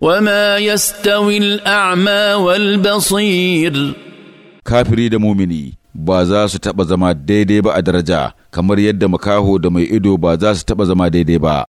وما يستوي الأعمى والبصير kafiri da mumini ba za su taɓa zama daidai ba a daraja kamar yadda makaho da mai ido ba za su taɓa zama daidai ba